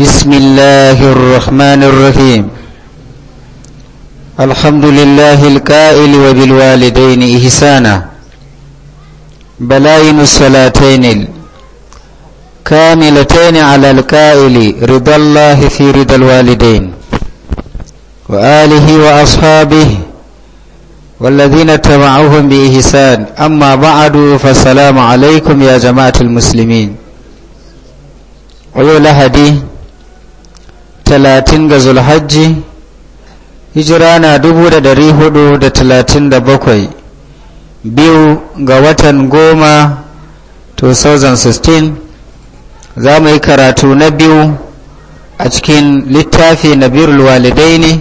بسم الله الرحمن الرحيم الحمد لله الكائل وبالوالدين إحسانا بلاين الصلاتين الكاملتين على الكائل رضا الله في رضا الوالدين وآله وأصحابه والذين تبعوهم بإحسان أما بعد فالسلام عليكم يا جماعة المسلمين ويولا هديه talatin ga zulhajji hijira na dubu da dari hudu da talatin da bakwai biyu ga watan goma 2016 za mu yi karatu na biyu a cikin littafi na birul walidaini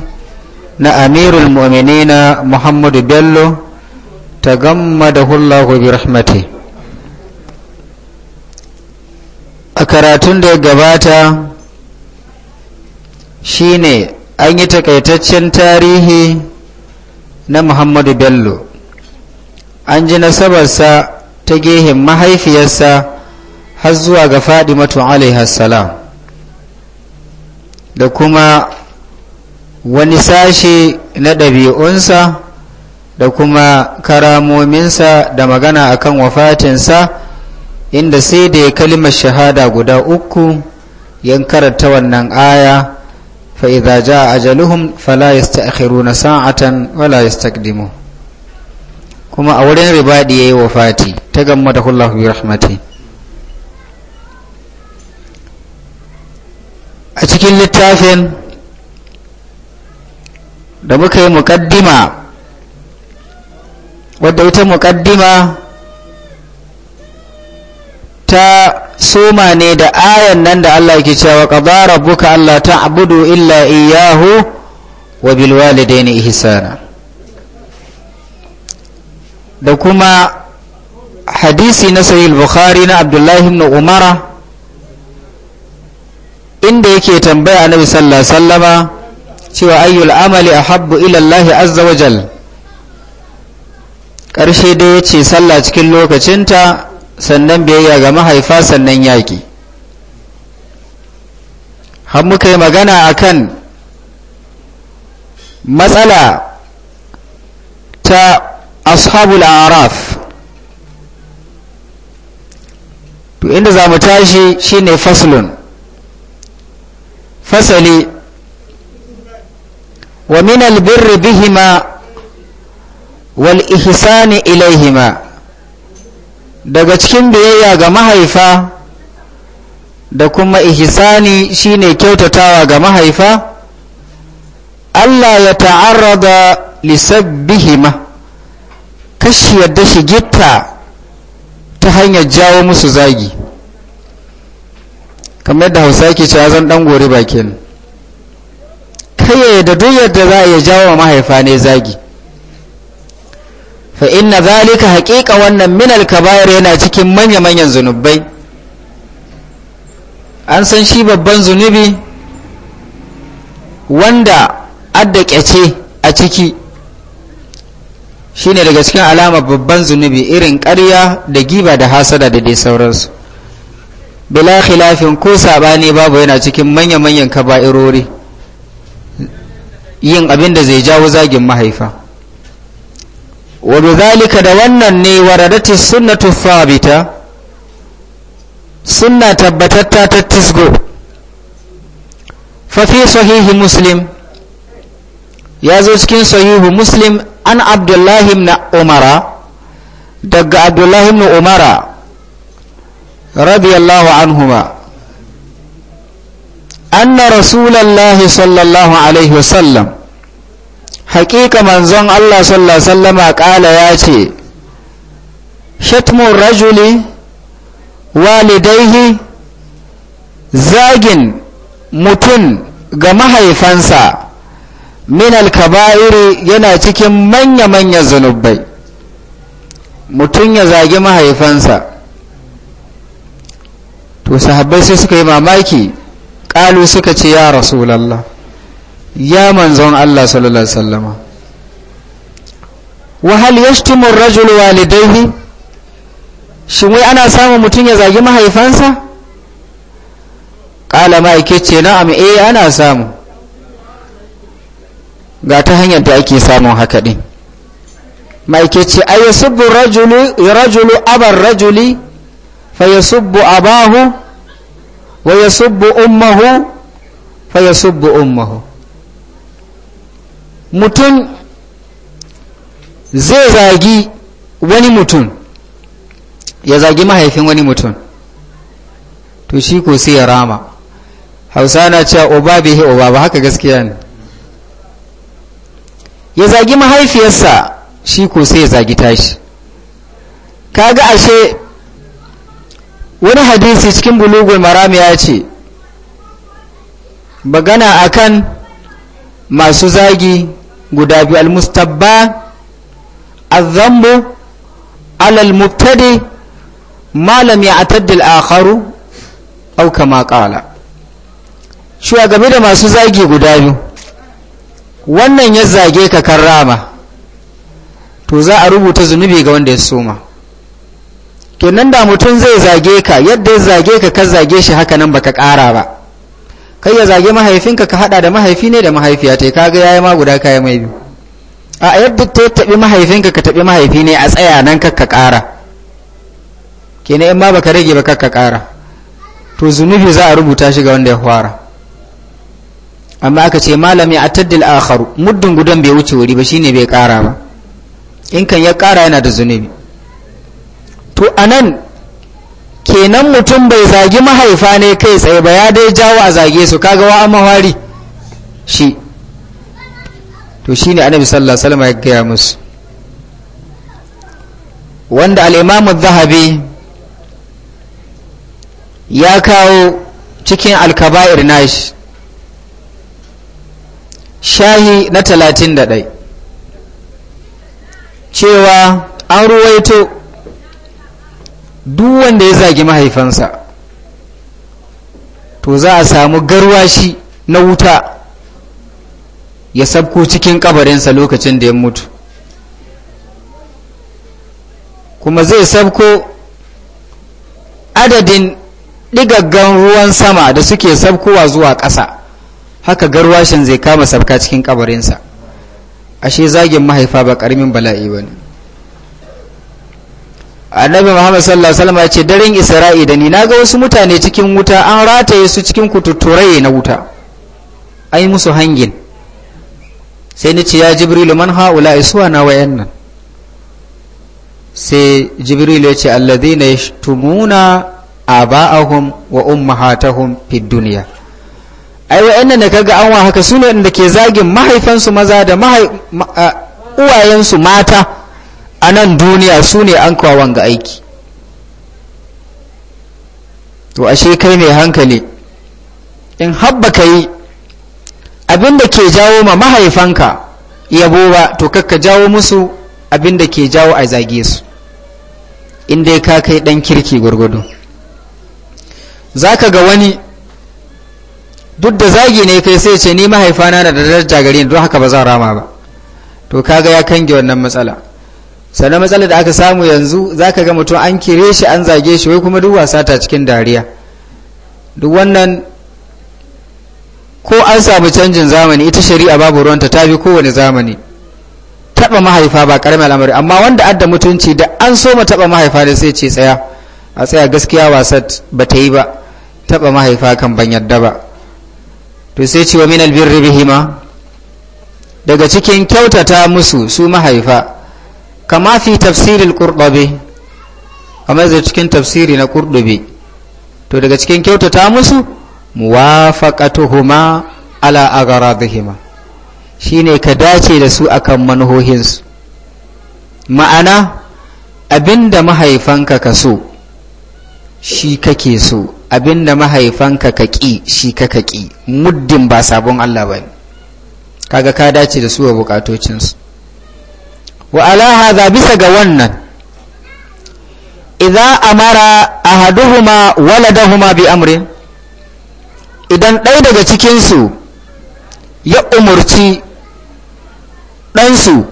na amirul mu'minina muhammadu bello ta gama da hula bi rahmati a karatun da ya gabata shi ne an yi takaitaccen tarihi na muhammadu bello an ji nasabarsa ta gehen mahaifiyarsa har zuwa ga fadimatu alaihassalam da kuma wani sashe na ɗabi'unsa da kuma karamominsa da magana akan wafatinsa inda sai da ya kalimar shahada guda uku yan karanta wannan aya فإذا جاء أجلهم فلا يستأخرون ساعة ولا يستقدمون كما أولين ربادي يي وفاتي تغمده الله برحمته a cikin littafin da muka yi muƙaddima wadda ita muƙaddima ta soma ne da ayan nan da Allah ke cewa buka rabbuka ta ta'budu illa iyyahu wa bil walidaini ihsana da kuma hadisi na sahih bukhari na Abdullahi ibn Umara inda yake tambaya Annabi sallallahu alaihi wasallama cewa ayyul amali ahabbu ila Allah azza wajal karshe dai yace sallah cikin lokacinta sannan biyayya ga mahaifa sannan yaƙi har muka yi magana a kan matsala ta ashabul araf to inda za mu tashi shine faslun fasali wa min albirri bihima wal ihsani ilaihima daga cikin biyayya ga mahaifa da kuma ihsani shine kyautatawa ga mahaifa Allah ya ta'arrada lisabbihima kashi yadda shi gitta ta hanyar jawo musu zagi kamar da hausa ke cewa zan dan gori bakin kai da duk yadda za a iya jawo mahaifa ne zagi fa inna zalika haƙiƙa wannan minal kabayar yana cikin manya-manyan zunubai an san shi babban zunubi wanda adda ce a ciki shine daga cikin alamar babban zunubi irin ƙarya da giba da hasada da dai sauransu bila khilafin ko saɓani babu yana cikin manya-manyan kaba'irori yin abin da zai jawo zagin mahaifa wa zalika da wannan ne waradati sunnatu thabita sunna tabbatatta ta tisgo fa fi sahihi muslim ya zo cikin sahihu muslim an abdullahi na umara daga abdullahi na umara radiyallahu anhuma anna rasulallahi sallallahu alaihi wasallam haƙiƙa manzon Allah sallallahu alaihi wasallama ƙala ya ce shatmun rajuli walidaihi zagin mutum ga mahaifansa min alkaba'iri yana cikin manya-manya zunubai mutum ya zagi mahaifansa to sahabbai sai suka yi mamaki ƙalu suka ce ya rasulallah ya manzon Allah sallallahu alaihi wasallama wa hal yashtimu ar-rajul walidayhi shin wai ana samun mutum ya zagi mahaifansa kala ma'aike ce na'am eh ana samu ga ta hanyar da ake samun haka din ma'aike ce ay subbu rajulu rajulu abar rajuli fa yasubbu abahu wa yasubbu ummuhu fa yasubbu ummuhu mutum zai zagi wani mutum ya zagi mahaifin wani mutum to shi ko sai ya rama hausa na cewa oba bai oba ba haka gaskiya ne ya zagi mahaifiyarsa shi ko sai ya zagi tashi kaga ashe wani hadisi cikin bulugul marami ya ce bagana akan masu zagi guda biyu almustabba azambo alal malam ya ataddil auka au kama qala game da masu zagi guda biyu wannan ya zage ka karrama to za a rubuta zunubi ga wanda ya soma kenan da mutum zai zage ka yadda ya zage ka ka zage shi haka nan baka ƙara ba kai ya zage mahaifinka ka hada da mahaifi ne da mahaifiya tai kaga yayi ma guda kai mai biyu a yadda ta tabi mahaifinka ka tabi mahaifi ne a tsaya nan ka ka kara kenan in ma baka rage ba ka ka kara to zunubi za a rubuta shi ga wanda ya fara amma aka ce malam ya ataddil akharu muddin gudan bai wuce wuri ba shine bai kara ba in kan ya kara yana da zunubi to anan kenan mutum bai zagi mahaifa ne kai tsaye ba ya dai jawo a zage su kaga wa amawari shi to shine annabi sallallahu alaihi wasallam ya gaya musu wanda al-imamu zahabi ya kawo cikin alkaba'ir nash shahi na talatin da cewa an ruwaito duk wanda ya zagi mahaifansa to za a samu garwashi na wuta ya sabko cikin kabarinsa lokacin da ya mutu kuma zai sabko adadin digaggan ruwan sama da suke sabkowa zuwa ƙasa haka garwashin zai kama sabka cikin kabarinsa ashe zagin mahaifa ba ƙaramin bala'i ba ne annabi muhammad sallallahu alaihi wasallam ce daren isra'i da ni naga wasu mutane cikin wuta an rataye su cikin kututturai na wuta ai musu hangin sai ni ce ya jibrilu man haula isuwa na nan sai jibrilu ya ce alladhina yashtumuna aba'ahum wa ummahatahum fid dunya ai wayannan da kaga an wa haka sune da ke zagin mahaifansu maza da uwayensu mata a nan duniya su ne an kawo ga aiki to ashe kai mai hankali in habba ka yi abinda ke jawo ma mahaifanka yabo ba to kakka jawo musu abinda ke jawo a zage su in dai ka kai dan kirki gwargwado za ka ga wani duk da zagi ne kai sai ce ni mahaifana na da daraja gari don haka ba za rama ba to kaga ya kange wannan matsala sannan matsalar da aka samu yanzu za ka ga mutum an kire shi an zage shi wai kuma duk wasa ta cikin dariya duk wannan ko an samu canjin zamani ita shari'a babu ruwanta ta bi kowane zamani taɓa mahaifa ba ƙaramin al'amari amma wanda adda mutunci da an so ma taɓa mahaifa da sai ce tsaya a tsaya gaskiya wasat ba ta yi ba taɓa mahaifa kan ban yadda ba to sai ce wa min albirri bihima daga cikin kyautata musu su mahaifa kama fi tafsiril qurdabi kamar da cikin tafsiri na qurdabi to daga cikin kyautata musu muwafaqatuhuma ala agaradihima shine ka dace da su akan manohohinsu ma'ana abinda mahaifanka ka so shi kake so abinda mahaifanka ka ƙi shi ka ka ƙi muddin ba sabon Allah ba kaga ka dace da su wa bukatocinsu wa ala bisa ga wannan idan amara ahaduhuma waladahuma bi amrin idan ɗai daga cikinsu ya umarci ɗansu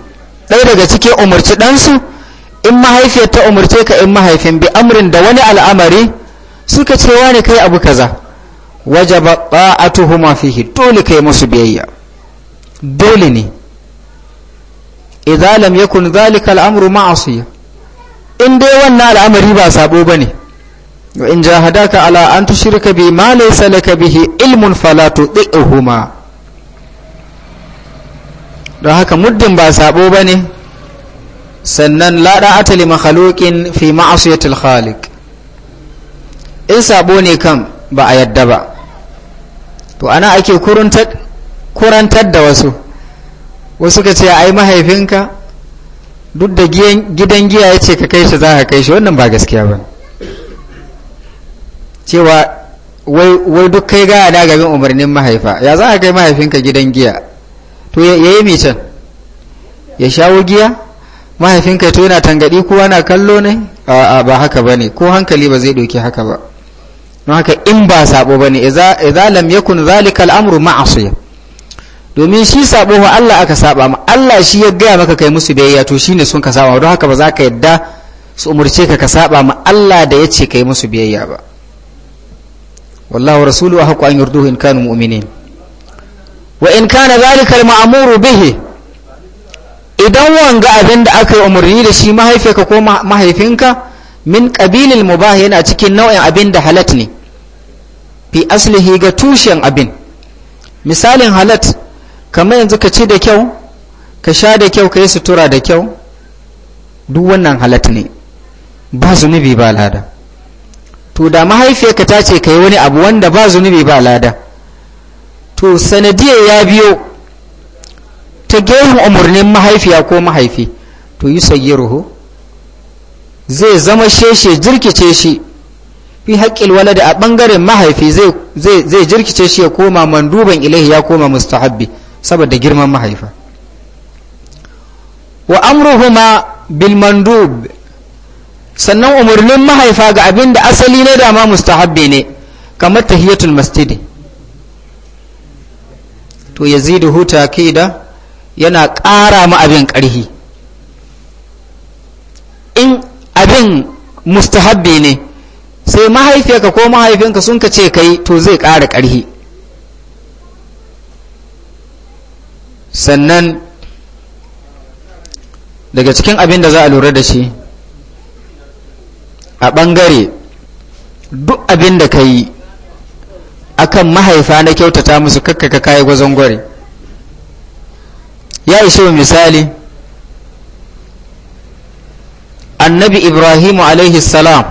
ɗai daga cikin umurci ɗansu in mahaifiyar ta umarce ka in mahaifin bi amrin da wani al'amari suka ce wani kai abu kaza wajaba fi hito ne kai musu biyayya dole ne idza lam yakun zalika al'amru ma'asiya in dai wannan al'amari ba sabo bane wa in jahadaka ala an tushrika bi ma laysa laka bihi ilmun fala tudihuma don haka muddin ba sabo bane sannan la da'ata li makhluqin fi ma'asiyatil khaliq in sabo ne kam ba a yadda ba to ana ake kurantar da wasu wasu ka ce ai mahaifinka duk da gidan giya ya ce ka kai shi za ka kai shi wannan ba gaskiya ba cewa wai duk kai gaya gabin umarnin mahaifa ya za a kai mahaifinka gidan giya to ya yi mitan ya shawo giya mahaifinka to yana tangadi kowa na kallo ne a ba haka ba ne ko hankali ba zai ɗauki haka ba in ba saɓo ba ne izalam yakun zalika al'amuru ma'asiya domin shi sabo wa Allah aka saba ma Allah shi ya gaya maka kai musu biyayya to shine sun ka saba don haka ba za ka yadda su umurce ka ka saba ma Allah da yace kai musu biyayya ba wallahu rasulu wa haqqan yurduhu in kanu mu'minin wa in kana zalika al-ma'muru bihi idan wanga abin da aka yi umarni da shi mahaifinka ko mahaifinka min qabilil mubah yana cikin nau'in abin da halat ne fi aslihi ga tushen abin misalin halat kamar yanzu ka ci da kyau ka sha da kyau ka yi sutura da kyau duk wannan halat ne ba zunubi ba lada to da mahaifiyarka ta ce ka yi wani abu wanda ba zunubi ba lada to sanadiyar ya biyo ta gehun umarnin mahaifiya ko mahaifi to yi ruhu zai zama sheshe jirkice shi fi haƙƙil walada a ɓangaren mahaifi zai jirkice shi ya koma manduban ilahi ya koma mustahabbi saboda girman mahaifa wa amruhuma bil mandub sannan umarnin mahaifa ga abin da asali ne dama mustahabbi ne kamar tahiyatul masjidi to yazidu huta kida yana ƙara ma abin ƙarhi in abin mustahabbi ne sai mahaifiyarka ko mahaifinka sun ka ce kai to zai ƙara ƙarhi sannan daga cikin abin da za a lura da shi a bangare duk abin da ka yi akan mahaifa na kyautata musu kakkaka kayi gwazon gwari. ya ishe wa misali annabi ibrahimu salam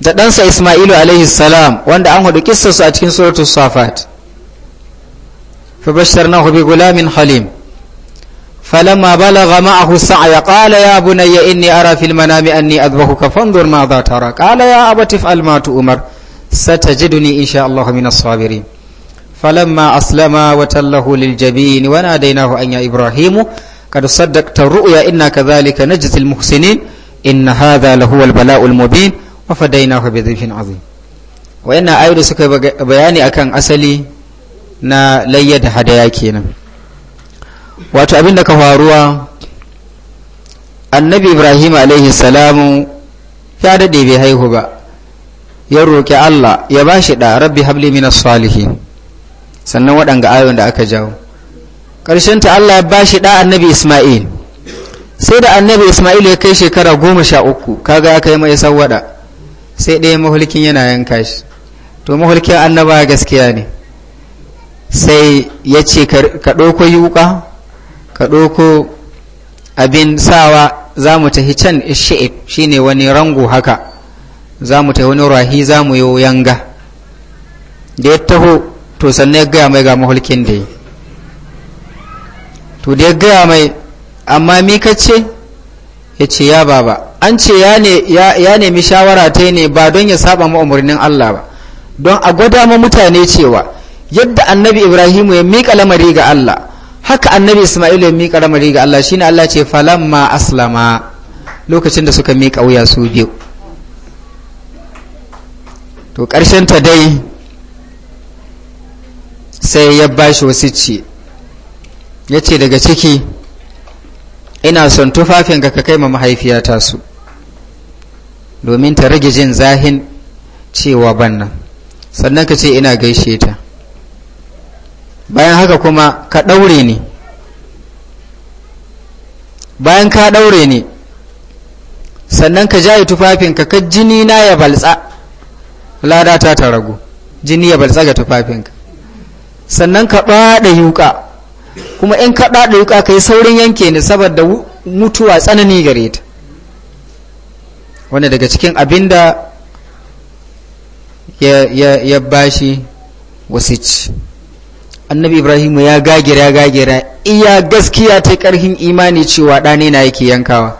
da ɗansa ismailu salam wanda an hudu su a cikin suratul safat فبشرناه بغلام حليم فلما بلغ معه السعي قال يا بني إني أرى في المنام أني أذبحك فانظر ماذا ترى قال يا أبت افعل ما تؤمر ستجدني إن شاء الله من الصابرين فلما أسلم وتله للجبين وناديناه أن يا إبراهيم قد صدقت الرؤيا إنا كذلك نجزي المحسنين إن هذا لهو البلاء المبين وفديناه بذبح عظيم وإن آيات سكي بياني أكان أسلي na layyada da hadaya kenan wato abin da ka faruwa annabi ibrahim alaihi salamu ya daɗe bai haihu ba ya roƙi allah ya ba shi ɗa rabbi habli minas salihi sannan waɗanga ayon da aka jawo ta allah ya ba shi ɗa annabi isma'il sai da annabi isma'il ya kai shekara goma sha uku kaga aka yi mai sawwaɗa sai ɗaya mahulkin yana yanka shi to mahulkin annaba gaskiya ne sai ya ce ka ɗauko yuƙa ka ɗauko abin sawa za mu tafi can shi shine wani rango haka za mu tafi wani rahi za mu yi yanga da ya taho to sannan ya gaya mai ga mahulkin da yi to da ya gaya mai amma mi ce ya ce ya baba an ce ya nemi shawara ta ne ba don ya saba ma umarnin Allah ba don a gwada ma mutane cewa yadda annabi ibrahimu ya mika lamari ga Allah haka annabi Isma'il ya mika lamari ga Allah shine Allah ce falamma aslama lokacin da suka miƙa wuya su biyu to ƙarshen ta dai sai ya bashi wasu ya ce daga ciki ina son tufafin ga ka kai ma mahaifiyata su domin ta rage jin zahin cewa bannan sannan ka ce ina gaishe ta bayan haka kuma ka ɗaure ne bayan ka ɗaure ne sannan ka jaye tufafinka ka jini na ya baltsa lada ta ta ragu jini ya baltsa ga tufafinka sannan ka ɗaɗa yuka kuma in ka ɗaɗa yuka ka yi saurin yanke ne saboda mutuwa tsanani gare ta wanda daga cikin abin da ya bashi ci annabi ibrahim ya gagira gagira iya gaskiya ta karhin imani cewa ɗane na yake yankawa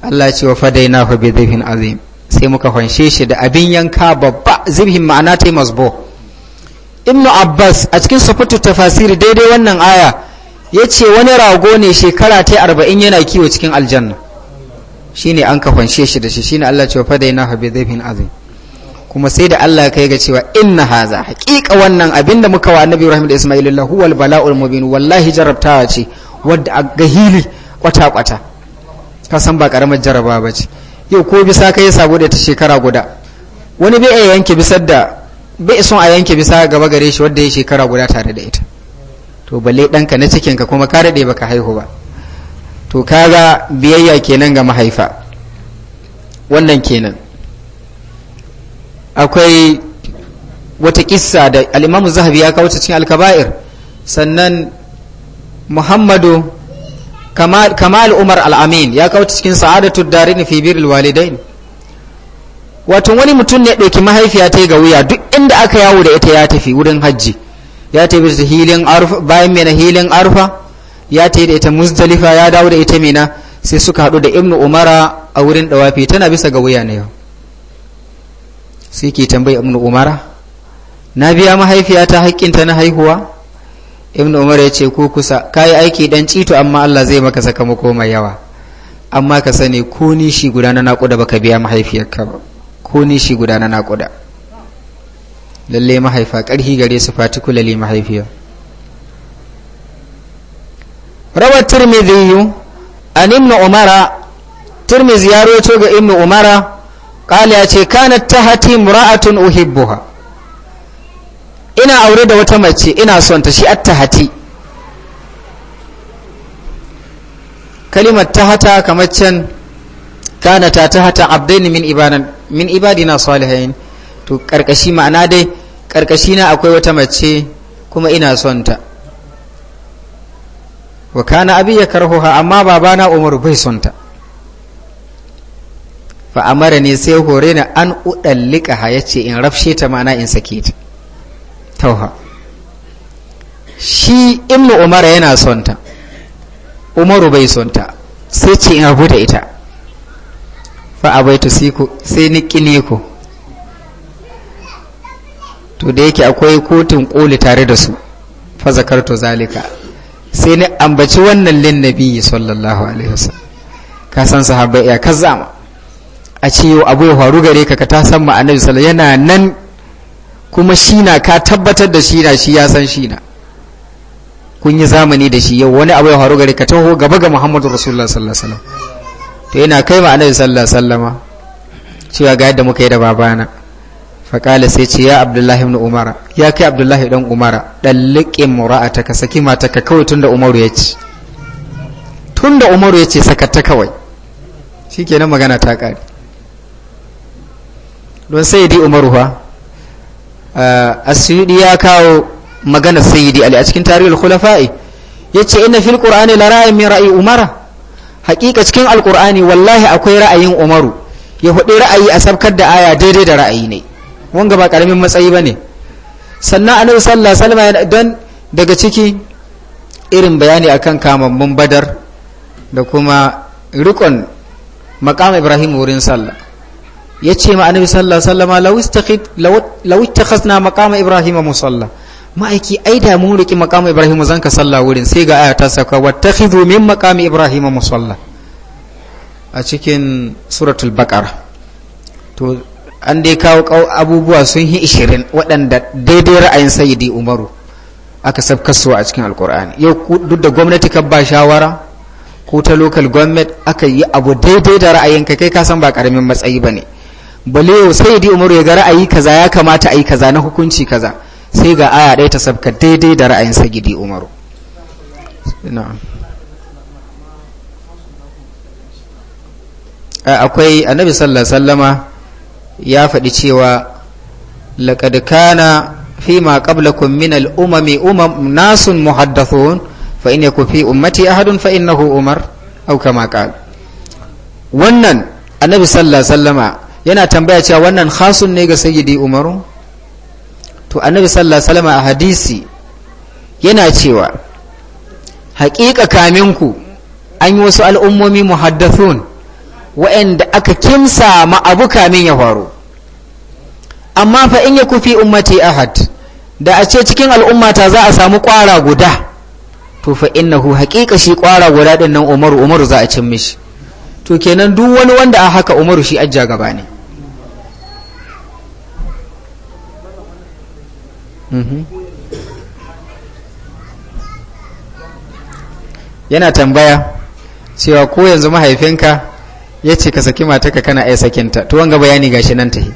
allah ce wa fadaina na bi zafin azim sai muka fanshe shi da abin yanka babba zibhin ma'ana ta masbo ibnu abbas a cikin sufatu tafasiri daidai wannan aya ya ce wani rago ne shekara ta arba'in yana kiwo cikin aljanna shine an ka fanshe shi da shi shine allah ce wa fadaina na bi zafin azim kuma sai da Allah kai ga cewa inna haza haƙiƙa wannan abin da muka wa annabi Ibrahim da Isma'il Allah huwa bala'ul mubin wallahi jarabtawa ce wadda a gahili kwata kwata ka san ba karamar jaraba ba ce yau ko bisa kai sabo da ta shekara guda wani bai a yanke bisar da bai son a yanke bisa gaba gare shi wadda ya shekara guda tare da ita to balle ɗanka na cikin ka kuma ka daɗe baka haihu ba to kaga biyayya kenan ga mahaifa wannan kenan akwai wata kissa da al'imamu zahabi ya kawo cikin alkaba'ir sannan muhammadu kamal umar al'amin ya kawo cikin sa'adatu darin fi biril walidain wato wani mutum ne ɗauki mahaifiya ta yi ga wuya duk inda aka yawo da ita ya tafi wurin hajji ya tafi da hilin arfa bayan mena hilin arfa ya tafi da ita muzdalifa ya dawo da ita mina sai suka haɗu da ibnu umara a wurin ɗawafi tana bisa ga wuya na yau sai ke tambayi ibn umara na biya mahaifiyata haƙƙinta na haihuwa ibn umar ya ce ko kusa ka yi aiki dan cito amma allah zai maka sakamako mai yawa amma ka sani ko ni shi guda na naƙuda baka biya mahaifiyarka ba ko ni shi guda na naƙuda lalle mahaifa ƙarhi gare su fatikulali mahaifiyar rawar tirmidhi an ibn umara tirmidhi ya roto ga ibn umara ƙala ya ce kanat ta hati mura'atun uhibbuha ina aure da wata mace ina sonta ta shi atta hati kalimar ta hata kamar can kanata ta hata abdaini min min ibadina salihain to karkashi ma'ana dai karkashi na akwai wata mace kuma ina sonta ta wa kana abi ya karhuha amma babana Umar bai sonta. fa amara ne sai hore na an udallika ha yace in rafshe ta mana in sake ta tauha shi ibnu umara yana son ta umaru bai son ta sai ce in rabu da ita fa abaitu siku sai ni kine ku to da yake akwai kotun koli tare da su fa zakarto zalika sai ni ambaci wannan linnabi sallallahu alaihi wasallam ka san sahabbai ya kazzama a ce yau abu ya faru gare ka ka ta san ma'anar annabi yana nan kuma shi na ka tabbatar da shi na shi ya san shi na kun yi zamani da shi yau wani abu ya faru gare ka taho gaba ga muhammadu rasulullah sallallahu alaihi wasallam to yana kai ma'anar annabi sallallahu cewa ga yadda muka yi da babana faƙala sai ce ya abdullahi ibn umara ya kai abdullahi ibn umara ɗalliƙe mura'ata ka saki mata ka kawai tunda umaru ya ce tunda umaru ya ce sakatta kawai shikenan magana ta ƙare don sayyidi umaru ha eh, asyudi ya kawo magana saidi ali a cikin tarihul khulafa'i ce ina fil qur'ani la min ra'i umara haqiqa cikin alqur'ani wallahi akwai ra'ayin umaru ya hudi ra'ayi a sabkar da aya daidai da ra'ayi ne wanga ba karamin matsayi bane sannan annabi sallallahu alaihi wasallam don daga ciki irin bayani akan kamammun badar da kuma rikon maqam ibrahim wurin sallah ya ce ma annabi sallallahu alaihi wasallama law ittakhadna maqama ibrahima musalla ma'aiki ai da mun riki maqama ibrahima zanka salla wurin sai ga aya ta saka wattakhidhu min maqami ibrahima musalla a cikin suratul baqara to an dai kawo abubuwa sun yi ishirin waɗanda daidai ra'ayin sayyidi umaru aka sabkarsu a cikin alkur'ani yau duk da gwamnati ka ba shawara ko ta local government aka yi abu daidai da ra'ayin ka kai ka san ba karamin matsayi ba ne bale yau sai di umaru ya ga ra'ayi kaza ya kamata a yi kaza na hukunci kaza sai ga aya ɗaya ta sabka daidai da ra'ayin sa gidi umaru akwai annabi sallallahu sallama ya faɗi cewa laƙad kana fi ma qablakum min al-umami umam nasun muhaddathun fa in yakun fi ummati ahadun fa innahu umar aw kama qala wannan annabi sallallahu sallama yana tambaya cewa wannan khasun ne ga sayyidi umaru to annabi sallallahu alaihi wasallam a hadisi yana cewa haƙiƙa kaminku an yi wasu al'ummomi muhaddathun wa'anda aka kimsa ma abu kamin ya faru amma fa in ya kufi ummati ahad da a ce cikin al'ummata za a samu kwara guda to fa innahu haqiqa shi kwara guda dinnan nan umaru umaru za a cin mishi to kenan duk wani wanda a haka umaru shi ajja gaba ne Mhm. yana tambaya cewa ko yanzu mahaifinka ya ce ka saki ka kana ai sakinta to wanga bayani gashi nan tahi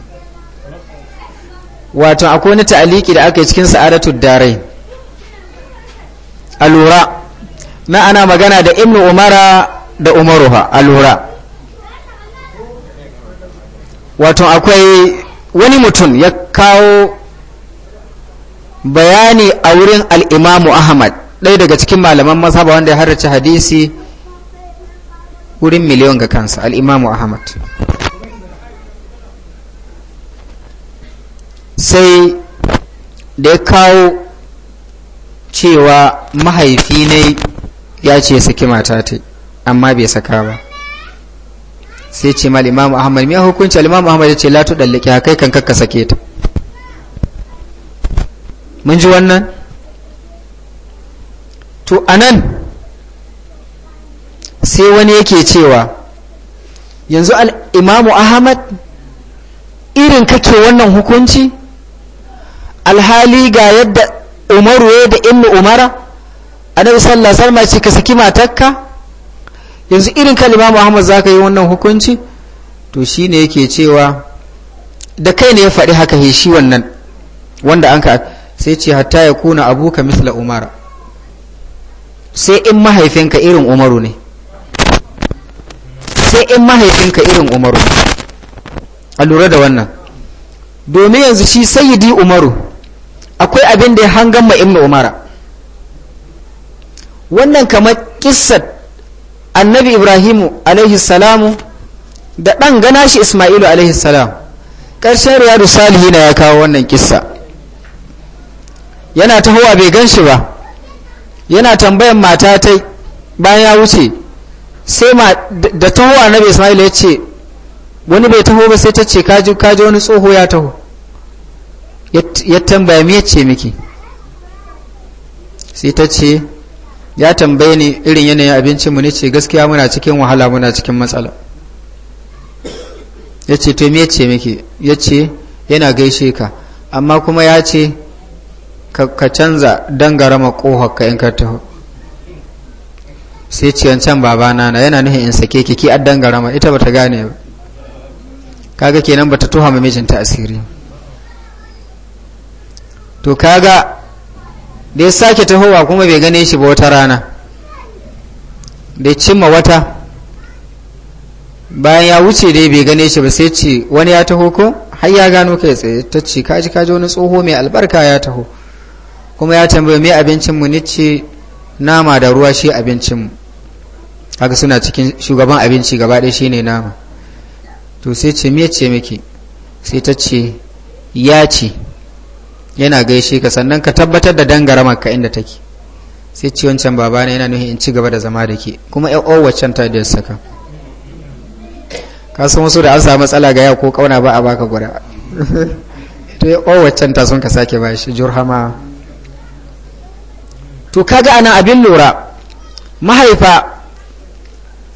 wato akwai wani ta'aliki da aka yi cikin sa'adatu darai alura na ana magana da ibnu umara da umaruha alura wato akwai wani mutum ya kawo bayani a wurin al'imamu ahmad ɗaya daga cikin malaman mazhaba wanda ya harace hadisi wurin miliyon ga kansa al'imamu ahmad sai da ya kawo cewa mahaifi ne ya ce saki mata ta amma bai saka ba sai ce mal imamu ahmad mai hukunci al'imamu ahmad ya ce latu ɗalliki haka kan kakka sake ta mun ji wannan to anan sai wani yake cewa yanzu al'imamu ahmad irin kake wannan hukunci alhali ga yadda umaru ya da inna umara annabi sallallahu alaihi wasallam ce ka saki matarka yanzu irin kalima Muhammad zaka yi wannan hukunci to shine yake cewa da kai ne ya faɗi haka he shi wannan wanda an ka sai ce hatta ya kuna abuka misla umar sai in mahaifinka irin umaru ne sai in mahaifinka irin umaru a lura da wannan domin yanzu shi sayyidi umaru akwai abin da ya hangan ma'imna umara wannan kamar kissar annabi ibrahimu alaihi salamu da ɗan gana shi ismailu alaihi ƙarshen riyadu salihina ya kawo wannan kissa yana hawa bai gan shi ba yana tambayan mata ta bayan ya wuce sai ma da hawa na bai ismail ya ce wani bai taho ba sai ta ce kaji kaji wani tsoho ya taho ya tambaya me ce miki sai ta ce ya tambaye ni irin yanayin abincin mu ne ce gaskiya muna cikin wahala muna cikin matsala ya ce to me ce miki ya ce yana gaishe ka amma kuma ya ce ka canza dangarama ka in ka taho sai ce can babana na yana nuhin in sake ki ki dangarama ita bata gane ba kaga kenan bata tuha ma mijinta asiri to kaga da ya sake tahowa kuma bai gane shi ba wata rana da cimma wata bayan ya wuce dai bai gane shi ba sai ce wani ya taho ko har ya gano kai tsaye ta ce kaji kaji wani tsoho mai albarka ya taho kuma ya tambaye me abincinmu nice nama da ruwa shi abincinmu haka suna cikin shugaban abinci gaba ɗaya shine nama to sai ce me ce miki sai ta ce ya ce yana gaishe ka sannan ka tabbatar da dangaramar ka inda take sai ce wancan babana yana nuhin in ci gaba da zama da ke kuma yan wancan ta da saka ka san wasu da an samu matsala ga yau ko kauna ba a baka guda to yan wancan ta sun ka sake ba shi jurhama to kaga ana abin lura mahaifa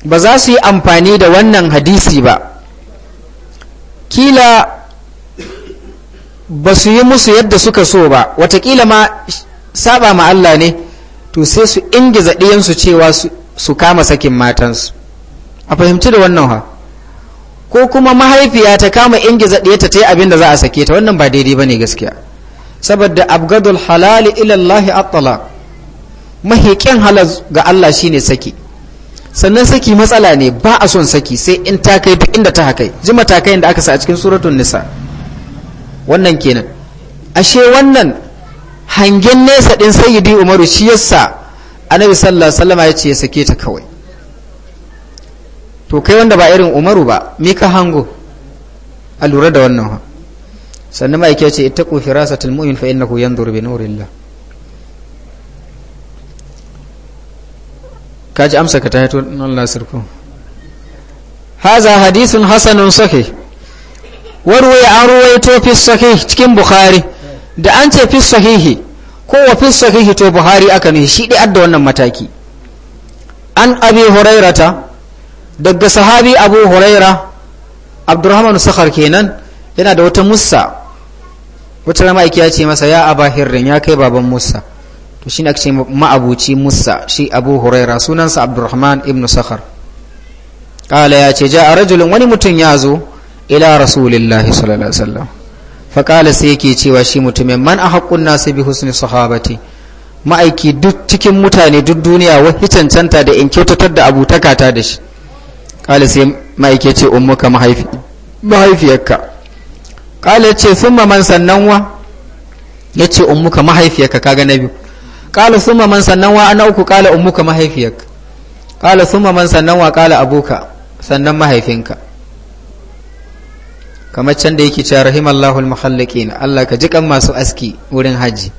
ba za su yi amfani da wannan hadisi ba kila ba su yi musu yadda suka so ba watakila ma saba ma Allah ne to sai su ingiza ɗiyansu cewa su kama sakin matansu a fahimci da wannan ha ko kuma mahaifiya ta kama ingiza ɗiyarta ta yi abin da za a sake ta wannan ba daidai ba ne gaskiya saboda abgadul halali ilallahi at mahiƙin halar ga Allah shine saki sannan saki matsala ne ba a son saki sai in ta kai duk inda ta hakai ji matakai da aka sa a cikin suratun nisa wannan kenan ashe wannan hangen nesa din sayyidi umaru shi yasa annabi sallallahu alaihi wasallam ya ce ya sake ta kawai to kai wanda ba irin umaru ba me ka hango a lura da wannan sannan ma yake ce ittaqu firasatul mu'min fa innahu yanzuru bi nurillah kaji amsa ka ta hito haza hadisun hasanun sake warwaye an ruwaito fi sahih cikin bukhari da an ce fi sahihi ko wa fi sahihi to buhari aka ne shi da adda wannan mataki an abi hurairata daga sahabi abu huraira abdurrahman sakhar kenan yana da wata musa wata rama ya ce masa ya aba hirrin ya kai baban musa to shi ne ma'abuci musa shi abu huraira sunansa abdurrahman ibn sakhar kala ya ce ja a rajulun wani mutum ya zo ila rasulillahi sallallahu alaihi wasallam faƙala sai yake cewa shi mutumin man a haƙƙun nasu bi husni sahabati ma'aiki duk cikin mutane duk duniya wani cancanta da in kyautatar da abu ta da shi ƙala sai ma'aiki ce ummuka mahaifiyarka ƙala ce sun man sannan wa ya ce ummuka mahaifiyarka kaga na biyu qala summa man sannan wa ana uku ƙala ummuka mahaifiyar qala summa man sannan wa qala abuka sannan mahaifinka kamar can da yake cewa rahimallahu na Allah ka jikan masu aski wurin haji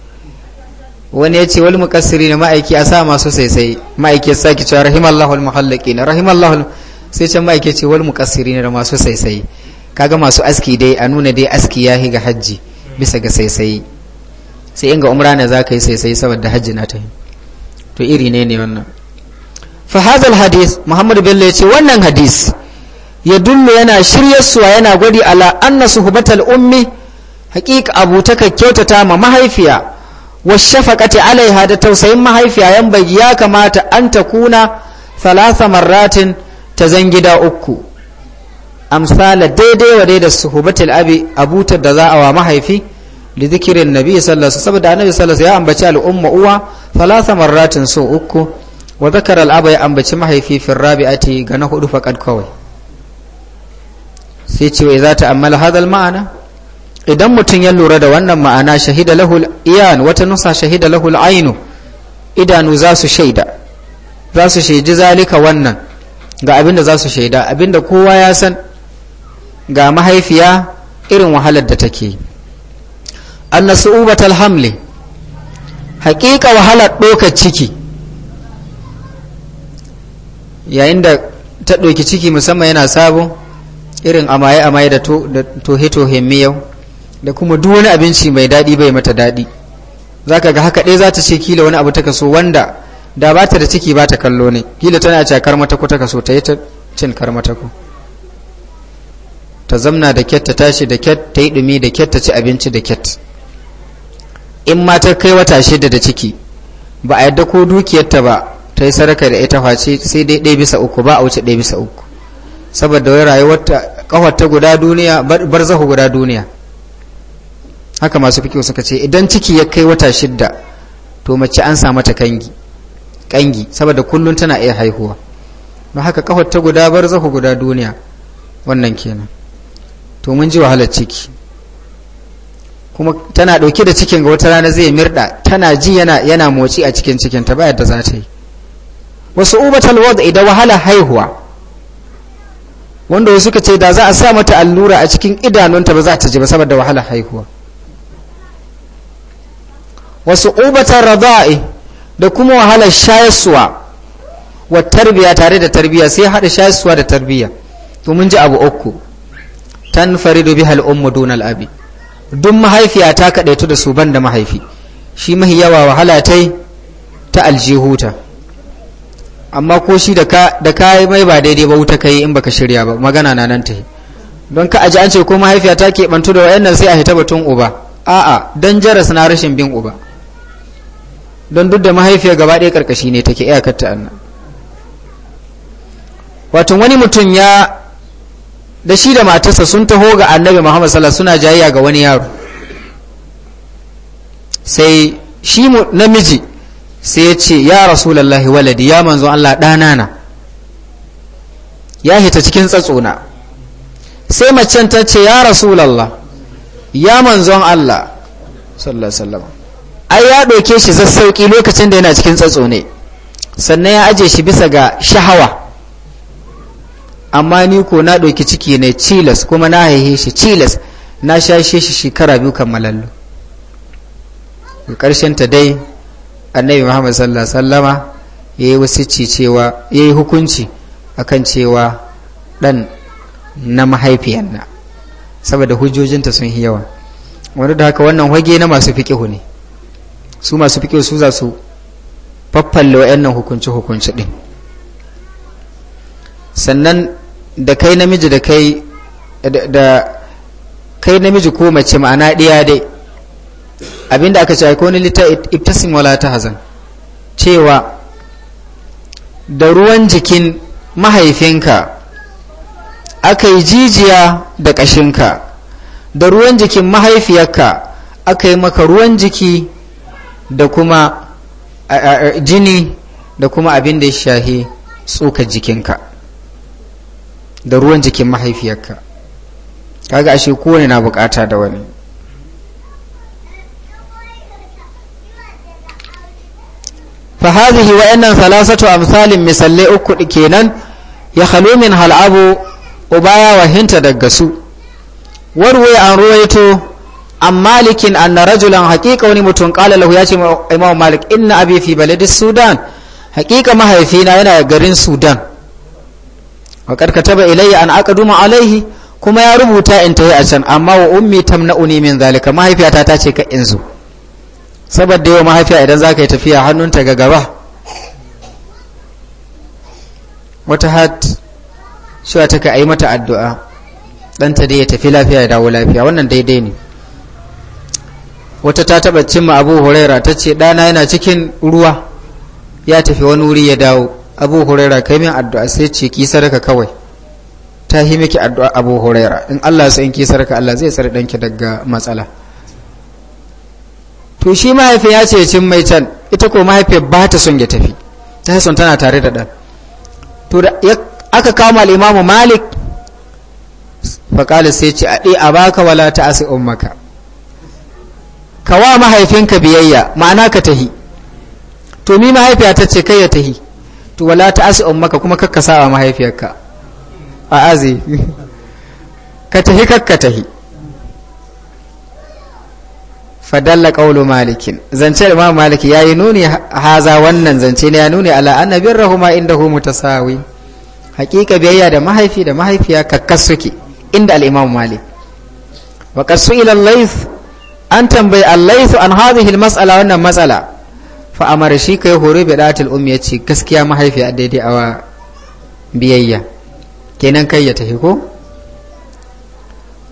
wani ya ce wal mukassiri na ma'aiki a sa masu saisai ma'aiki ya sake cewa rahimallahu almuhalliqin rahimallahu sai can ma'aiki ce wal mukassiri na masu saisai kaga masu aski dai a nuna dai aski ya ga hajji bisa ga saisai sai in ga umra ne za yi sai sai saboda hajji na ta to iri ne ne wannan fa hadal hadis muhammad bello ya ce wannan hadis ya dullo yana suwa yana gwadi ala anna suhbatal ummi haqiqa abutaka kyautata ma mahaifiya wa shafaqati alaiha da tausayin mahaifiya yan bagi ya kamata an ta kuna thalatha marratin ta zangida uku amsala daidai wa daidai suhubatul abi abutar da za a wa mahaifi li zikirin nabi sallallahu saboda annabi sallallahu ya ambaci al'umma uwa thalatha marratin so uku wa zakara al'aba ya ambaci mahaifi fi rabi'ati ga na hudu faqad kawai sai ce wa zata ta'ammala hadha maana idan mutum ya lura da wannan ma'ana shahida lahu iyan wata nusa shahida lahu al-ainu idanu za su shaida za su shaidi zalika wannan ga abinda za su shaida abinda kowa ya san ga mahaifiya irin wahalar da take yi anna su'ubatal hamle haƙiƙa wahalar ɗaukar ciki yayin da ta ɗauki ciki musamman yana sabo irin amaye-amaye da tohe-tohen miyau da kuma duk wani abinci mai daɗi bai mata daɗi za ka ga haka ɗaya za ta ce kila wani abu ta kaso wanda da ba ta da ciki ba ta kallo ne kila tana cakar matako ta kaso ta yi ta cin karmatako ta zamna da kyat ta tashi da kyat ta yi ɗumi da kyat ta ci abinci da kyat in matar kai wata shida da ciki ba a yadda ko dukiyarta ba ta yi sadaka da ita face sai dai ɗaya bisa uku ba a wuce ɗaya bisa uku saboda wai rayuwarta ta guda duniya bar zahu guda duniya haka masu fiki suka ce idan ciki ya kai wata shidda to mace an samu ta kangi kangi saboda kullum tana iya haihuwa don haka ta guda bar zahu guda duniya wannan kenan to mun ji wahalar ciki kuma tana ɗauke da cikin ga wata rana zai mirɗa tana ji yana yana motsi a cikin cikin ta bayar da za ta yi wasu ubatal wadda idan wahala haihuwa wanda wasu suka ce da za a sa mata allura a cikin idanunta ba za ta ji ba saboda wahala haihuwa wasu ubatar rada'i da kuma wahala shayarsuwa wa tarbiya tare da tarbiya sai haɗa shayarsuwa da tarbiya to mun ji abu uku tanfaridu bihal ummu dunal abi duk mahaifiya ta kaɗaitu da su ban da mahaifi shi mahi yawa wahala ta ta aljihuta amma ko shi da ka yi mai ba daidai ba wuta kai in baka shirya ba magana na nan ta yi don ka aji an ce ko mahaifiya ta ke bantu da wayannan sai a hita batun uba a'a don jaras na rashin bin uba don duk da mahaifiya gaba ɗaya karkashi ne ta annan wato wani mutum ya da shi da matarsa sun taho ga annabi muhammad sallallahu suna jayayya ga wani yaro sai shi namiji sai ya ce ya rasulullahi waladi ya manzo allah ɗana na ya hita cikin tsatsona sai macen ta ce ya rasulullah ya manzo allah sallallahu sallama ai ya ɗauke shi zassauki lokacin da yana cikin tsatso ne sannan ya aje shi bisa ga shahawa amma ni ko na ɗauki ciki ne cilas kuma na haihe shi cilas na shashe shi shekara biyu ƙarshen ta dai annabi muhammad sallallahu sallama ya yi wasu cewa ya yi hukunci akan cewa ɗan na mahaifiyan na saboda hujjojinta sun yi yawa wani da haka wannan hage na masu fiƙihu ne su masu fiƙihu su za su faffalle wa'annan hukunci-hukunci ɗin sannan da kai namiji da kai da kai namiji ko mace ma'ana ɗiya dai abinda aka ce ko ni lita ibtasim wala tahzan cewa da ruwan jikin mahaifinka aka yi jijiya da ƙashinka da ruwan jikin mahaifiyarka aka yi maka ruwan jiki da kuma jini da kuma abin da ya shahi tsokar jikinka da ruwan jikin mahaifiyarka kaga ashe kowane na bukata da wani fa hadhihi wa annan thalathatu amsalin misalle uku kenan ya khalu min halabu ubaya wa hinta daga su warwe an ruwaito an malikin an na rajulan haƙiƙa wani mutum ƙala lahu ya imam malik inna abi fi baladis sudan haƙiƙa mahaifina yana garin sudan wa ka taba ilayya an aqduma alaihi kuma ya rubuta in tayi a can amma wa ummi uni min zalika mahaifiyata ta ce ka in zo saboda yau mahaifiya idan za ka yi tafiya hannunta ga gaba wata hat cewa ta ka yi mata addu'a ɗanta dai ya tafi lafiya ya dawo lafiya wannan daidai ne wata ta taba cimma abu huraira ta ce ɗana yana cikin ruwa ya tafi wani wuri ya dawo abu huraira kai min addu'a sai ce ki sadaka kawai ta yi miki addu'a abu huraira in allah sai in ki sadaka allah zai tsare danki daga matsala to shi mahaifi ya ce cin mai can ita ko mahaifi ba ta son ya tafi ta son tana tare da ɗan to da aka kawo al'imamu malik faƙalis sai ce a ɗi a baka wala ta asi ummaka ka wa mahaifinka biyayya ma'ana ka tahi to ni mahaifiya ta ce kai ya tahi to wala ta asi maka kuma kakka sawa mahaifiyarka a azi ka tahi kakka tahi fadalla qawlu malikin zance imam maliki yayi nuni haza wannan zance ne ya nuni ala anna birrahuma indahu mutasawi hakika biyayya da mahaifi da mahaifiya kakkas suke inda al-imam malik wa qasu ila al-layth an tambayi al-layth an hadhihi al-mas'ala wannan matsala fa amara shi kai horo bi datil ummi yace gaskiya mahaifiya daidai awa biyayya kenan kai ya tafi ko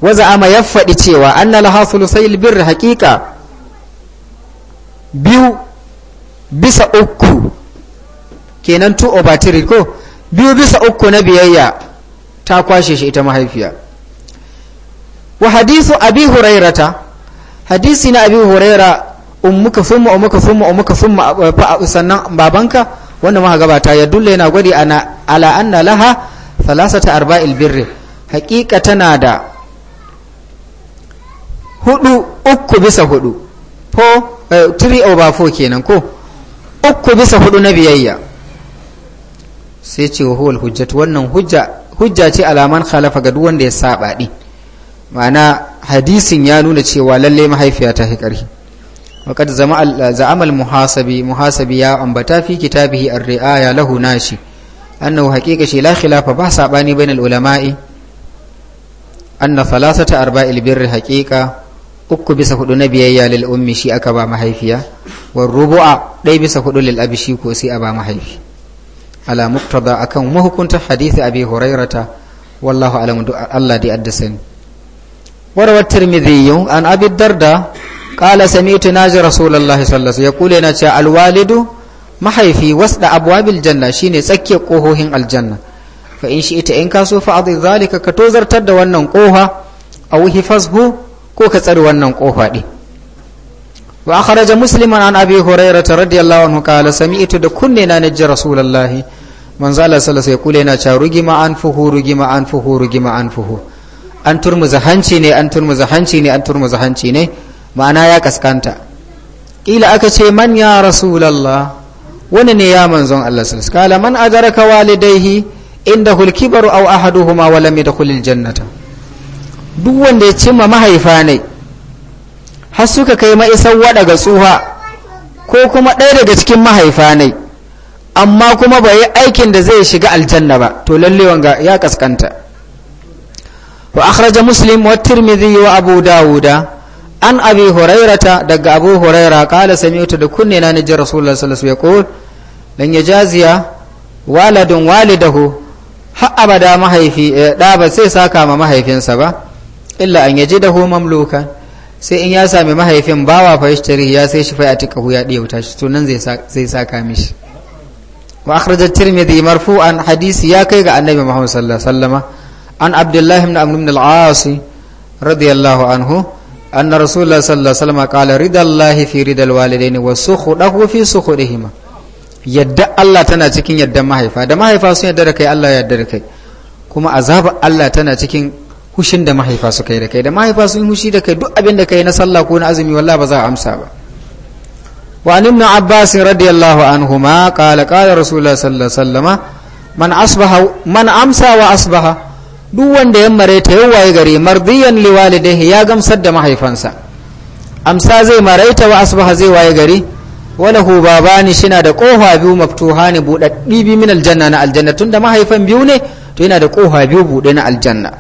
waza ama ya faɗi cewa annal hasulu sayil birr haqiqa biyu bisa uku kenan to obatiri ko biyu bisa uku na biyayya ta kwashe shi ita mahaifiya wa hadisu abi hurairata hadisi na abi huraira ummuka summa ummuka summa ummuka summa uh, uh, sannan babanka wanda muka gabata ya dulle yana gwadi ana ala anna laha thalathata arba'il birri haqiqa tana da hudu uku bisa hudu fo uh, three over four kenan ko uku bisa hudu na biyayya sai ce wa huwal hujjatu wannan hujja hujja ce alaman khalafa ga duk wanda ya saba din ma'ana hadisin ya nuna cewa lalle mahaifiya ta fi وقد زعم المحاسبي محاسبي يا أنبتا في كتابه الرئاية له ناشي أنه حقيقة لا خلاف بحث باني بين العلماء أن ثلاثة أرباء البر حقيقة uku bisa hudu na biyayya lil ummi shi aka ba mahaifiya wa rubu'a ɗai bisa hudu lil abi shi ko sai a ba mahaifi ala muktada akan mahukunta hadisi abi hurairata wallahu alamu Allah da addasani warawar tirmidhi an abi darda qala sami'tu naji rasulullahi sallallahu alaihi wasallam yana cewa alwalidu mahaifi da abwabil janna shine tsakiyar kohohin aljanna fa in shi ita in ka so fa adhi zalika ka tozartar da wannan koha aw hifazhu ko ka tsari wannan kofa din wa akhraja musliman an abi hurairah radiyallahu anhu qala sami'tu da kunne na naji rasulullahi manzo Allah sallallahu alaihi wasallam yana cewa rugima an fuhu rugima an fuhu rugima an fuhu an turmuza hanci ne an turmuza hanci ne an turmuza hanci ne ma'ana ya kaskanta ƙila aka ce man ya rasulallah wani ne ya manzon Allah sallallahu kala man adraka walidaihi inda hulkibar aw ahaduhuma wa lam yadkhul jannata. duk wanda ya cimma mahaifa ne har suka kai ma'isar wada ga tsuha ko kuma ɗaya daga cikin mahaifa ne amma kuma ba yi aikin da zai shiga aljanna ba to lalle wanga ya kaskanta wa akhraja muslim wa tirmidhi wa abu dawuda an abi hurairata daga abu huraira kala sami'tu da kunne na naji rasulullah sallallahu alaihi wasallam dan ya jaziya waladun walidahu ha abada mahaifi da eh, ba sai saka ma mahaifinsa ba illa an yaji dahu mamluka sai in ya sami mahaifin bawa fa yashtari ya sai shi fa ya tika ya diyauta shi to nan zai zai saka mishi wa akhraj at-tirmidhi marfu'an hadisi ya kai ga annabi Muhammad sallallahu alaihi wasallam an abdullahi ibn amr ibn al aas radiyallahu anhu أن رسول الله صلى الله عليه وسلم قال رضا الله في رضا الوالدين وسخطه في سخطهما yadda Allah tana cikin yadda mahaifa da mahaifa sun yadda da kai Allah ya yadda da kai kuma azabar Allah tana cikin hushin da mahaifa su kai da kai da mahaifa sun hushi da kai duk abin da kai na sallah ko na azumi wallah ba za a amsa ba wa an ibn abbas radiyallahu anhuma qala qala rasulullah sallallahu alaihi wasallam man asbaha man amsa wa asbaha duk wanda ya maraita yawaye gare mardiyan liwalidayhi ya gamsar da mahaifansa amsa zai maraita wa asbaha zai waye gare walahu babani shina da kofa biyu maftuhani budaddi bi min aljanna na aljanna tunda mahaifan biyu ne to yana da kofa biyu bude na aljanna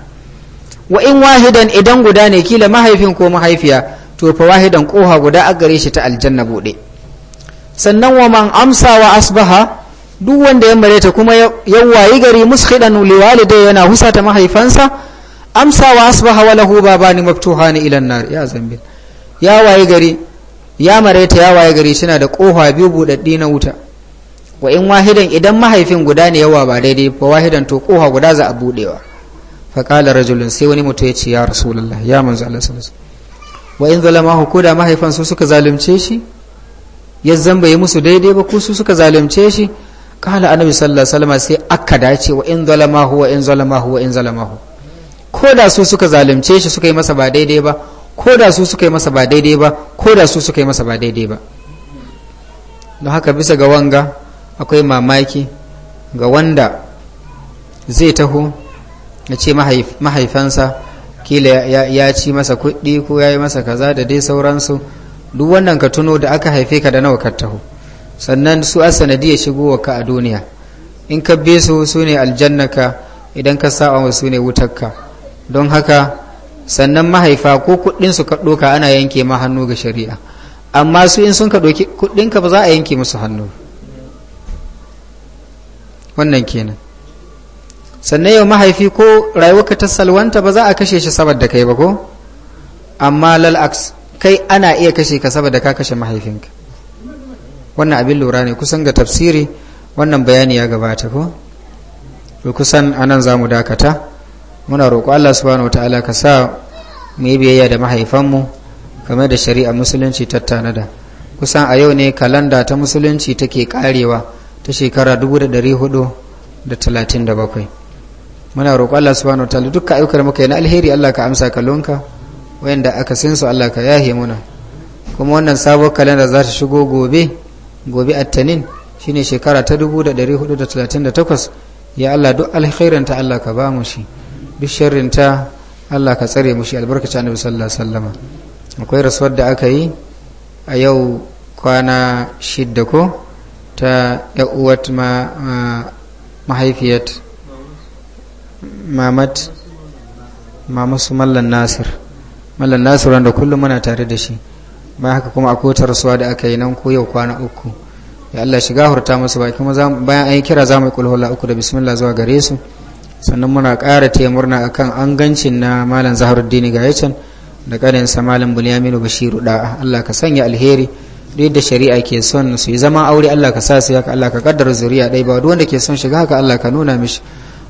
wa in wahidan idan guda ne kila mahaifin ko mahaifiya to fa wahidan kofa guda a gare shi ta aljanna bude sannan wa man amsa wa asbaha duk wanda ya mare ta kuma ya wayi gari muskhidan walidai yana husata mahaifansa amsa wa asbaha wa lahu babani maftuhani ila nar ya zambi ya wayi gari ya mare ta ya wayi gari suna da kofa biyu budaddi na wuta wa in wahidan idan mahaifin guda ne yawa ba daidai ba wahidan to kofa guda za a budewa fa qala rajulun sai wani mutum ya ce ya rasulullah ya manzo Allah sallallahu alaihi wasallam wa in zalamahu koda mahaifan suka zalunce shi ya zamba yi musu daidai ba ko su suka zalunce shi kala annabi sallallahu alaihi wasallam sai aka dace wa in zalama huwa in zalama huwa in zalama hu ko da su suka zalunce shi suka yi masa ba daidai ba ko da su suka yi masa ba daidai ba ko da su suka yi masa ba daidai ba don haka bisa ga wanga akwai mamaki ga wanda zai taho ya ce mahaifansa kila ya ci masa kuɗi ko ya yi masa kaza da dai sauransu duk wannan ka tuno da aka haife ka da nawa ka taho sannan su a sanadiyar wa ka a duniya in ka bi su su ne aljannaka idan ka saba wa su ne wutarka don haka sannan mahaifa ko kuɗinsu ka ɗoka ana yanke ma hannu ga shari'a amma su in sun ka ɗoki kuɗinka ba za a yanke musu hannu wannan kenan sannan yau mahaifi ko rayuwarka ta salwanta ba za a kashe shi saboda kai ba ko amma lal'aks kai ana iya kashe ka saboda ka kashe mahaifinka wannan abin lura ne kusan ga tafsiri wannan bayani ya gabata ko kusan anan za mu dakata muna roƙo Allah subhanahu wa ta'ala ka sa mu yi biyayya da mahaifanmu game da shari'a musulunci tattana da kusan a yau ne kalanda ta musulunci take karewa ta shekara 437 muna roƙo Allah subhanahu wa ta'ala dukkan ayyukan muka yi na alheri Allah ka amsa kalonka wayanda aka sin su Allah ka yahe muna kuma wannan sabon kalanda za ta shigo gobe gobe attanin shine shekara ta 1438 ya Allah duk ta Allah ka ba mu shi duk ta Allah ka tsare mu shi albarkaci annabi sallallahu alaihi wasallama akwai rasuwar da aka yi a yau kwana shidda ko ta uwat ma mahaifiyat mamat mama su mallan nasir mallan nasir wanda kullum muna tare da shi bayan haka kuma akwai wata rasuwa da aka yi nan ko yau kwana uku ya Allah shiga hurta masu ba kuma bayan an yi kira za mu yi kulhulla uku da bismillah zuwa gare su sannan muna ƙara taya murna akan an gancin na malam zaharuddini ga yacan da ƙarinsa malam bunyaminu bashiru da'a Allah ka sanya alheri duk da shari'a ke son su yi zama aure Allah ka sa su haka Allah ka kaddara zuriya ɗaya ba duk wanda ke son shiga haka Allah ka nuna mishi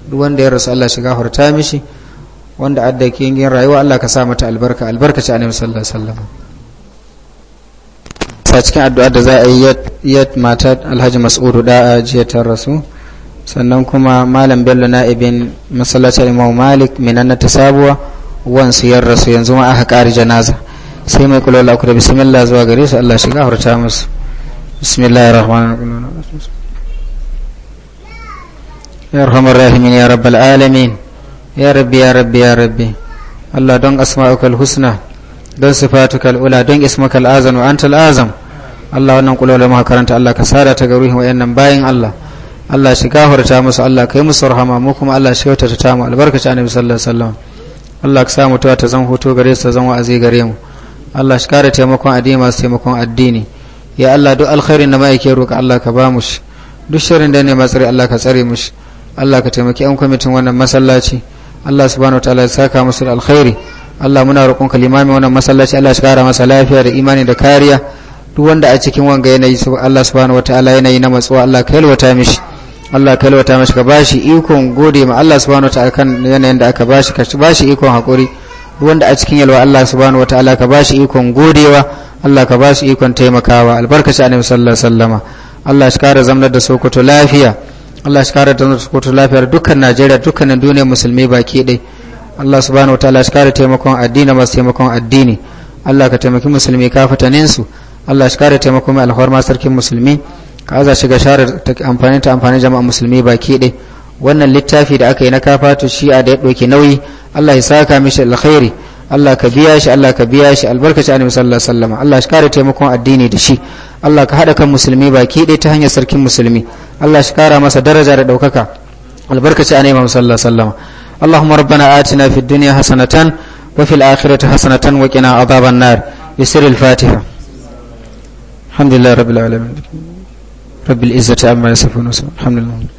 duk wanda ya rasu Allah shiga hurta mishi wanda adda yin rayuwa Allah ka sa mata albarka ci annabi sallallahu alaihi wasallam sa cikin addu'a da za a yi yat matar alhaji mas'udu da a jiya ta rasu sannan kuma malam bello na'ibin masallacin imam malik minan ta sabuwa wansu ya rasu yanzu ma aka ƙari janaza sai mai kula da akwai bismillah zuwa gare su allah shiga hurta musu bismillah ya rahim ya rahmanir rahimin ya rabbal alamin ya rabbi ya rabbi ya rabbi allah don asma'ukal husna don sifatukal ula don ismakal azam wa antal azam Allah wannan kulawar muka karanta Allah ka sada ta ga ruhin wayannan bayin Allah Allah shi gafarta musu Allah kai musu rahama mu kuma Allah shi kyautata ta mu albarkaci annabi sallallahu alaihi wasallam Allah ka sa mu ta zan hoto gare su zan wa'azi gare mu Allah shi kare taimakon addini masu taimakon addini ya Allah duk alkhairin da ma'aikin roƙa Allah ka ba mu shi duk shirin da ne matsari Allah ka tsare mu shi Allah ka taimaki 'yan kwamitin wannan masallaci Allah subhanahu wa ta'ala ya saka musu da alkhairi Allah muna roƙonka limamin wannan masallaci Allah shi kara masa lafiya da imani da kariya duk wanda a cikin wanga yanayi Allah subhanahu wataala yanayi na matsuwa Allah ka yalwata mishi Allah ka yalwata mishi ka bashi ikon gode ma Allah subhanahu wataala kan yanayin da aka bashi ka bashi ikon hakuri duk wanda a cikin yalwa Allah subhanahu wataala ka bashi ikon godewa Allah ka bashi ikon taimakawa albarkaci annabi sallallahu alaihi wasallama Allah shi kara zamnar da Sokoto lafiya Allah shi kara da Sokoto lafiya dukkan Najeriya dukkanin duniyar musulmi baki ɗaya Allah subhanahu wataala shi kare taimakon addini masu taimakon addini Allah ka taimaki musulmi kafatanin su Allah shi kare taimakon mai alhorma sarkin musulmi ka aza shiga share ta amfani ta amfani jama'a musulmi baki ɗaya wannan littafi da aka yi na kafatu shi'a da ya ɗauki nauyi Allah ya saka mishi alkhairi Allah ka biya shi Allah ka biya shi albarkaci annabi sallallahu alaihi wasallam Allah shi kare taimakon addini da shi Allah ka hada kan musulmi baki ɗaya ta hanyar sarkin musulmi Allah shi kara masa daraja da ɗaukaka albarkaci annabi sallallahu alaihi wasallam اللهم ربنا آتنا في الدنيا حسنة وفي الآخرة حسنة وقنا عذاب النار يسر الفاتحة الحمد لله رب العالمين رب العزة عما يصفون الحمد لله